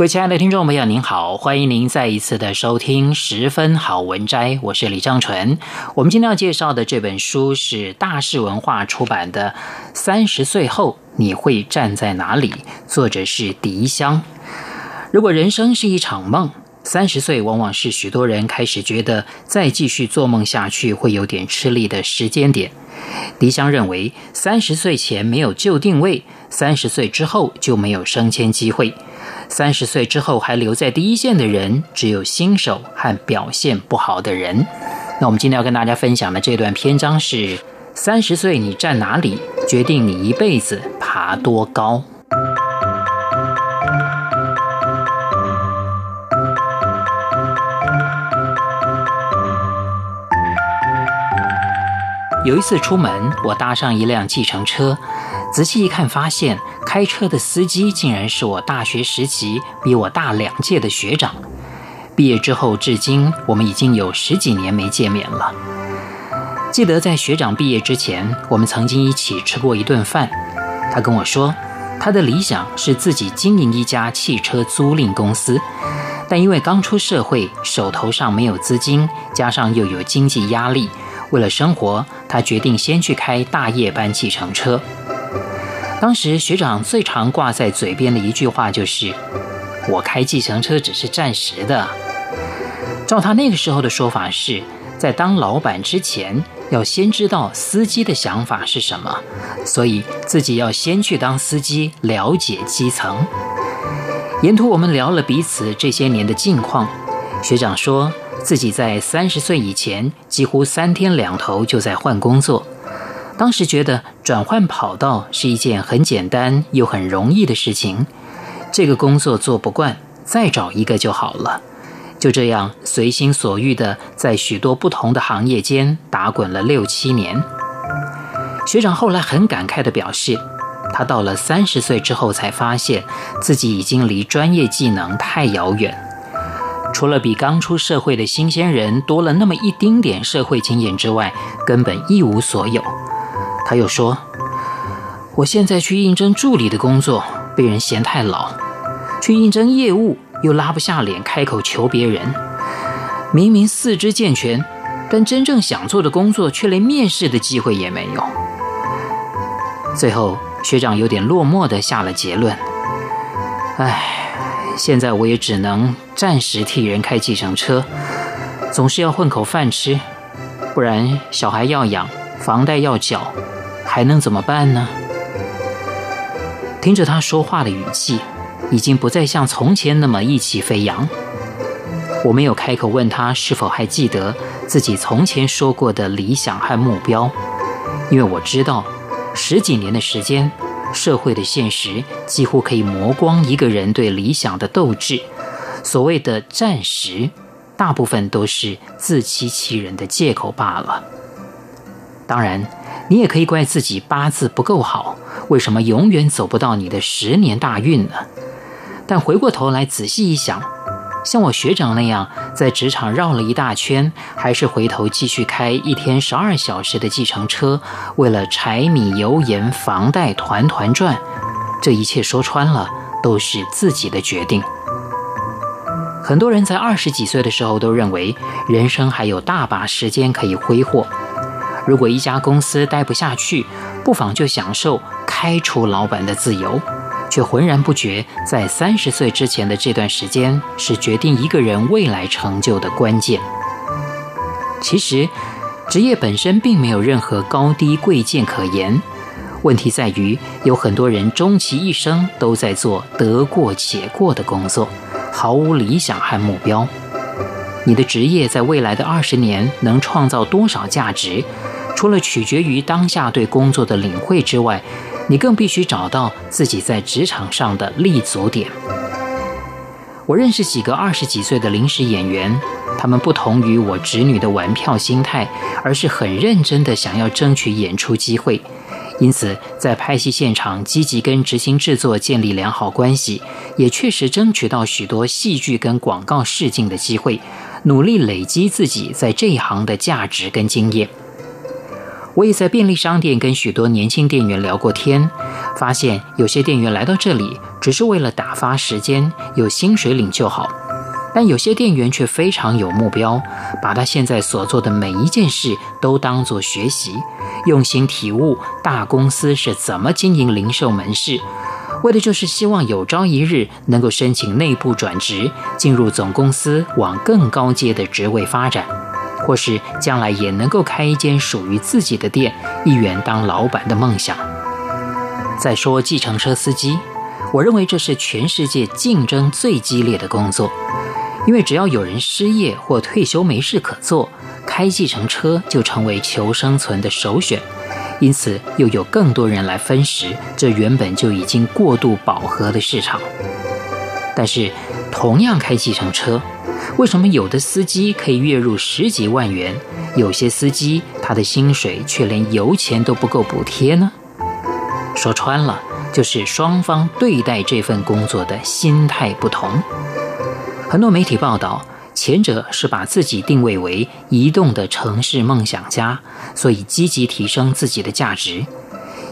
各位親愛的聽眾朋友，您好，歡迎您再一次的收聽《十分好文摘》，我是李章純。我們今天要介紹的這本書是大是文化出版的《三十歲後你會站在哪裡》，作者是狄驤。如果人生是一場夢，三十歲往往是許多人開始覺得再繼續做夢下去會有點吃力的時間點。狄驤認為，三十歲前沒有就定位，三十歲之後就沒有升遷機會。三十歲之後還留在第一線的人，只有新手和表現不好的人。那我們今天要跟大家分享的這段篇章是：三十歲你站哪裡？決定你一輩子爬多高。有一次出門，我搭上一輛計程車。仔細一看，發現開車的司機竟然是我大學時期比我大兩屆的學長。畢業之後，至今我們已經有十幾年沒見面了。記得在學長畢業之前，我們曾經一起吃過一頓飯。他跟我說，他的理想是自己經營一家汽車租賃公司，但因為剛出社會，手頭上沒有資金，加上又有經濟壓力，為了生活，他決定先去開大夜班計程車。當時學長最常掛在嘴邊的一句話就是：“我開計程車只是暫時的。”照他那個時候的說法是，在當老闆之前要先知道司機的想法是什麼，所以自己要先去當司機了解基層。沿途我們聊了彼此這些年的近況，學長說自己在三十歲以前幾乎三天兩頭就在換工作。當時覺得轉換跑道是一件很簡單又很容易的事情，這個工作做不慣，再找一個就好了。就這樣隨心所欲地在許多不同的行業間打滾了六七年。學長後來很感慨地表示，他到了三十歲之後才發現自己已經離專業技能太遙遠，除了比剛出社會的新鮮人多了那麼一丁點社會經驗之外，根本一無所有。他又說：“我現在去應徵助理的工作，被人嫌太老；去應徵業務，又拉不下臉開口求別人。明明四肢健全，但真正想做的工作，卻連面試的機會也沒有。最後，學長有點落寞地下了結論：唉，現在我也只能暫時替人開計程車，總是要混口飯吃，不然小孩要養，房貸要繳。”還能怎麼辦呢？聽着他說話的語氣，已經不再像從前那麼意氣飛揚。我沒有開口問他是否還記得自己從前說過的理想和目標，因為我知道十幾年的時間，社會的現實幾乎可以磨光一個人對理想的鬥志。所謂的暫時，大部分都是自欺欺人的借口罷了。當然，你也可以怪自己八字不夠好，為什麼永遠走不到你的十年大運呢？但回過頭來仔細一想，像我學長那樣在職場繞了一大圈，還是回頭繼續開一天十二小時的計程車，為了柴米油鹽房貸團團轉，這一切說穿了都是自己的決定。很多人在二十幾歲的時候都認為人生還有大把時間可以揮霍。如果一家公司待不下去，不妨就享受開除老板的自由，卻渾然不覺，在三十歲之前的這段時間是決定一個人未來成就的關鍵。其實，職業本身並沒有任何高低貴賤可言，問題在於有很多人終其一生都在做得過且過的工作，毫無理想和目標。你的職業在未來的二十年能創造多少價值？除了取決於當下對工作的領會之外，你更必須找到自己在職場上的立足點。我認識幾個二十幾歲的臨時演員，他們不同於我侄女的玩票心態，而是很認真地想要爭取演出機會，因此在拍戲現場積極跟執行制作建立良好關係，也確實爭取到許多戲劇跟廣告試鏡的機會，努力累積自己在這一行的價值跟經驗。我也在便利商店跟許多年輕店員聊過天，發現有些店員來到這裡只是為了打發時間，有薪水領就好；但有些店員卻非常有目標，把他現在所做的每一件事都當作學習，用心體悟大公司是怎麼經營零售門市，為的就是希望有朝一日能夠申請內部轉職，進入總公司往更高階的職位發展。或是將來也能夠開一間屬於自己的店，一圓當老闆的夢想。再說計程車司機，我認為這是全世界競爭最激烈的工作，因為只要有人失業或退休沒事可做，開計程車就成為求生存的首選，因此又有更多人來分食這原本就已經過度飽和的市場。但是。同樣開計程車，為什麼有的司機可以月入十幾萬元，有些司機他的薪水卻連油錢都不夠補貼呢？說穿了，就是雙方對待這份工作的心態不同。很多媒體報道，前者是把自己定位為移動的城市夢想家，所以積極提升自己的價值，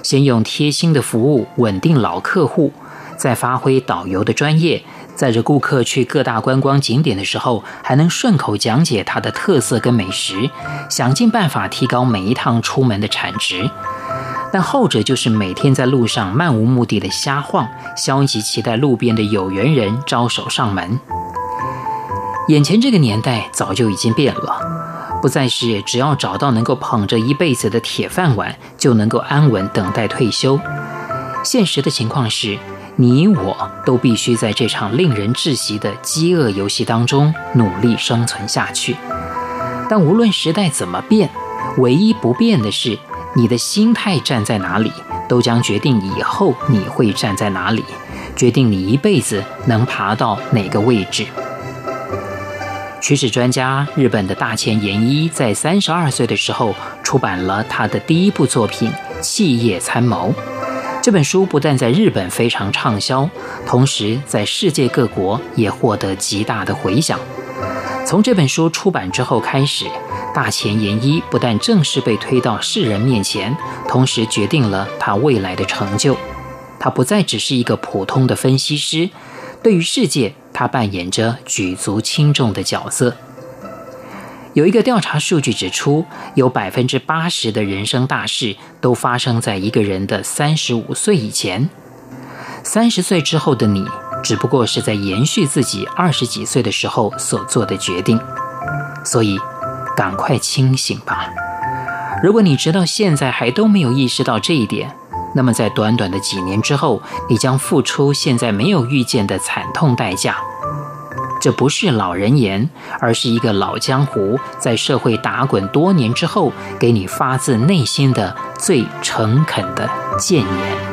先用貼心的服務穩定老客戶，再發揮導遊的專業。載着顧客去各大觀光景點的時候，還能順口講解它的特色跟美食，想盡辦法提高每一趟出門的產值。但後者就是每天在路上漫無目的地瞎晃，消極期待路邊的有緣人招手上門。眼前這個年代早就已經變了，不再是只要找到能夠捧着一輩子的鐵飯碗，就能夠安穩等待退休。現實的情況是。你我都必須在這場令人窒息的飢餓遊戲當中努力生存下去。但無論時代怎麼變，唯一不變的是，你的心態站在哪裡，都將決定以後你會站在哪裡，決定你一輩子能爬到哪個位置。趨勢專家日本的大前研一在三十二歲的時候出版了他的第一部作品《企業參謀》。這本書不但在日本非常暢銷，同時在世界各國也獲得極大的迴響。從這本書出版之後開始，大前研一不但正式被推到世人面前，同時決定了他未來的成就。他不再只是一個普通的分析師，對於世界，他扮演着舉足輕重的角色。有一個調查數據指出，有百分之八十的人生大事都發生在一個人的三十五歲以前。三十歲之後的你，只不過是在延續自己二十幾歲的時候所做的決定。所以，趕快清醒吧！如果你直到現在還都沒有意識到這一點，那麼在短短的幾年之後，你將付出現在沒有預見的慘痛代價。這不是老人言，而是一個老江湖在社會打滾多年之後，給你發自內心的最誠懇的諫言。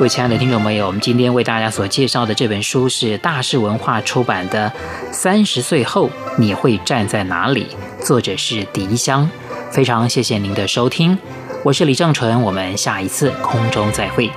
各位親愛的聽眾朋友，我們今天為大家所介紹的這本書是大是文化出版的《三十歲後你會站在哪裡》，作者是狄驤。非常謝謝您的收聽，我是李正淳，我們下一次空中再會。